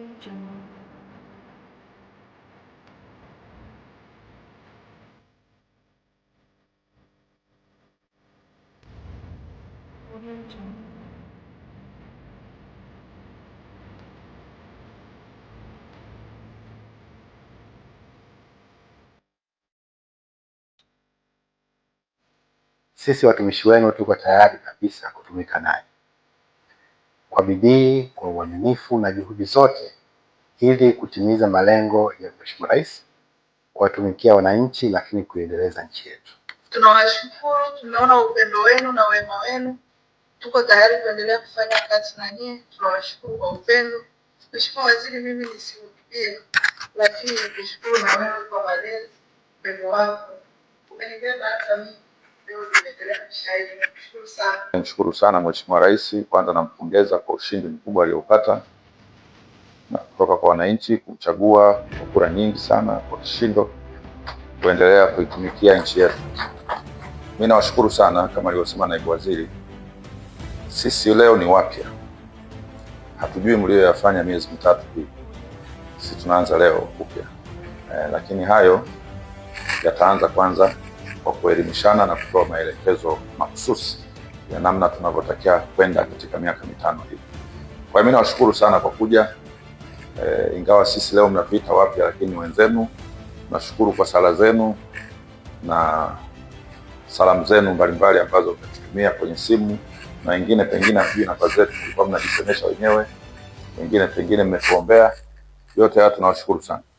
Jungle. Audio Jungle. Sisi watumishi wenu tuko tayari kabisa kutumika naye kwa bidii, kwa uaminifu na juhudi zote ili kutimiza malengo ya Mheshimiwa Rais kuwatumikia wananchi, lakini kuiendeleza nchi yetu. Tunawashukuru, tumeona upendo wenu na wema wenu, tuko tayari kuendelea kufanya kazi na nyie. Tunawashukuru kwa upendo. Mheshimiwa Waziri, mimi nisihutubie, lakini nikushukuru na wewe kwa malezi, upendo wako umenibeba hata mimi. Nimshukuru sana Mheshimiwa Rais, kwanza nampongeza kwa ushindi mkubwa aliopata na kutoka kwa wananchi kuchagua kwa kura nyingi sana kwa kishindo kuendelea kuitumikia nchi yetu. Mimi nawashukuru sana, kama alivyosema naibu waziri, sisi leo ni wapya, hatujui mlioyafanya miezi mitatu hii, sisi tunaanza leo upya eh, lakini hayo yataanza kwanza kwa kuelimishana na kutoa maelekezo mahususi ya namna tunavyotakiwa kwenda katika miaka mitano hii. Kwa hiyo mimi nawashukuru sana kwa kuja e, ingawa sisi leo mnatuita wapya, lakini wenzenu, nashukuru kwa sala zenu na salamu zenu mbalimbali ambazo mmetutumia kwenye simu na wengine pengine hajui namba zetu, tulikuwa mnajisemesha wenyewe, wengine pengine mmetuombea. Yote haya tunawashukuru sana.